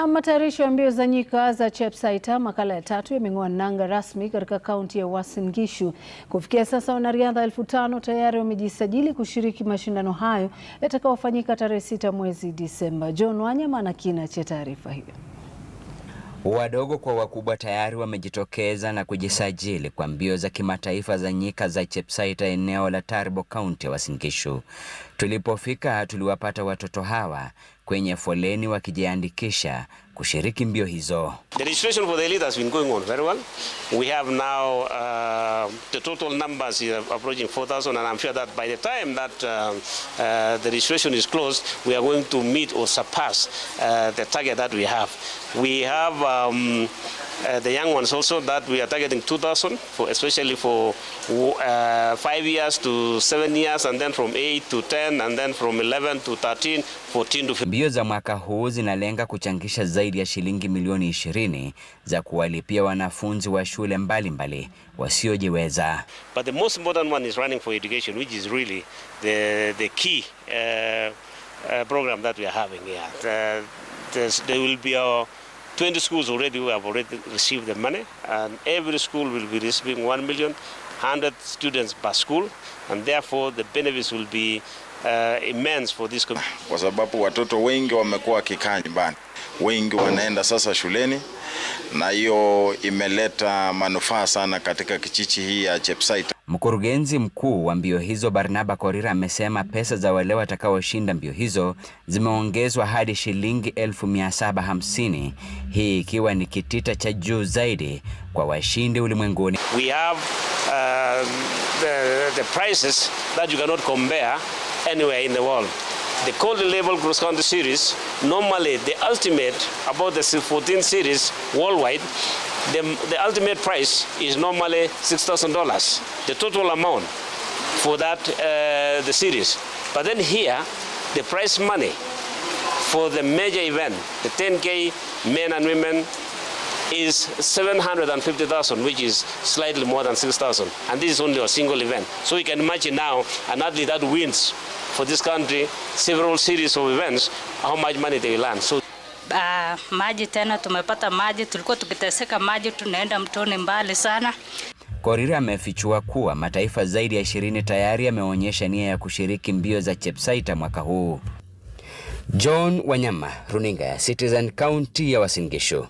Na matayarisho ya mbio za nyika za Chepsaita makala ya tatu yameng'oa nanga rasmi katika kaunti ya Uasin Gishu. Kufikia sasa wanariadha elfu tano tayari wamejisajili kushiriki mashindano hayo yatakayofanyika tarehe sita mwezi Disemba. John Wanyama ana kina cha taarifa hiyo. Wadogo kwa wakubwa tayari wamejitokeza na kujisajili kwa mbio za kimataifa za nyika za Chepsaita eneo la tarbo kaunti ya Uasin Gishu. Tulipofika tuliwapata watoto hawa kwenye foleni wakijiandikisha kushiriki mbio hizo. The registration for the elite has been going on very well. We have now uh, the total numbers is approaching 4,000 and I'm sure that by the time that uh, uh, the registration is closed, we are going to meet or surpass uh, the target that we have. We have um, Uh, the young ones also that we are targeting 2,000 for especially for uh, five years to seven years and then from eight to ten and then from 11 to 13, 14 to 15. Mbio za mwaka huu zinalenga kuchangisha zaidi ya shilingi milioni ishirini za kuwalipia wanafunzi wa shule mbalimbali wasiojiweza. But the most important one is running for education which is really the, the key uh, uh, program that we are having here. Uh, there will be our 20 schools already have already received the money, and every school will be receiving 1 million, 100 students per school, and therefore the benefits will be uh, immense for this community. Kwa sababu watoto wengi wamekuwa wakikaa nyumbani wengi wanaenda sasa shuleni, na hiyo imeleta manufaa sana katika kichichi hii ya Chepsait. Mkurugenzi mkuu wa mbio hizo Barnaba Korira amesema pesa za wale watakaoshinda mbio hizo zimeongezwa hadi shilingi 1750 hii ikiwa ni kitita cha juu zaidi kwa washindi ulimwenguni. We have uh, the, the prices that you cannot compare anywhere in the world. The cold level label cross country series. Normally, the ultimate about the 14 series worldwide, the, the ultimate price is normally $6,000, the total amount for that uh, the series. But then here, the price money for the major event, the 10K men and women is 750,000, which is slightly more than 6,000. And this is only a single event. So you can imagine now an athlete that wins for this country several series of events, how much money they will earn. So Uh, maji tena tumepata maji, tulikuwa tukiteseka maji, tunaenda mtoni mbali sana. Korir amefichua kuwa mataifa zaidi ya ishirini tayari yameonyesha nia ya kushiriki mbio za Chepsaita mwaka huu. John Wanyama, Runinga ya Citizen, kaunti ya Wasingishu.